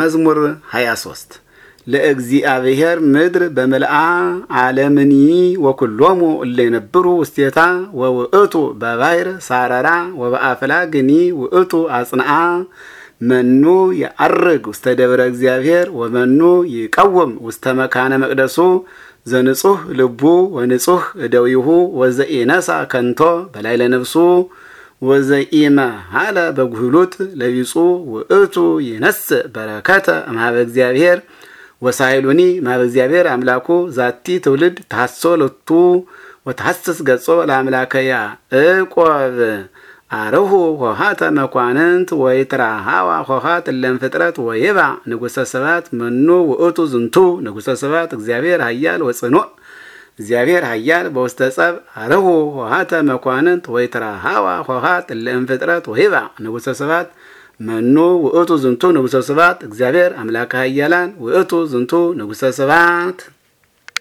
መዝሙር 23 ለእግዚአብሔር ምድር በመልአ ዓለምኒ ወኩሎሙ እለ የነብሩ ውስቴታ ወውእቱ በባሕር ሳረራ ወበአፍላ ግኒ ውእቱ አጽንአ መኑ የዐርግ ውስተ ደብረ እግዚአብሔር ወመኑ ይቀውም ውስተ መካነ መቅደሱ ዘንጹህ ልቡ ወንጹህ እደዊሁ ወዘኢነሳ ከንቶ በላይ ለነብሱ ወዘኢመ ሀለ በጉህሉት ለቢጹ ውእቱ ይነስ በረከተ እምሃበ እግዚአብሔር ወሳይሉኒ እምሃበ እግዚአብሔር አምላኩ ዛቲ ትውልድ ታሶ ለቱ ወተሐስስ ገጾ ለአምላከያ እቆብ አርሁ ሆሃተ መኳንንት ወይትራሃዋ ሆሃት እለም ፍጥረት ወይባ ንጉሰ ሰባት መኑ ውእቱ ዝንቱ ንጉሰ ሰባት እግዚአብሔር ኃያል ወጽኑዕ እግዚአብሔር ኃያል በውስተ ጸብ አረሁ ሆሃተ መኳንንት ወይ ትራሃዋ ሆሃት እለእም ፍጥረት ወሂባ ንጉሰ ስባት መኑ ውእቱ ዝንቱ ንጉሰ ስባት እግዚአብሔር አምላከ ኃያላን ውእቱ ዝንቱ ንጉሰ ስባት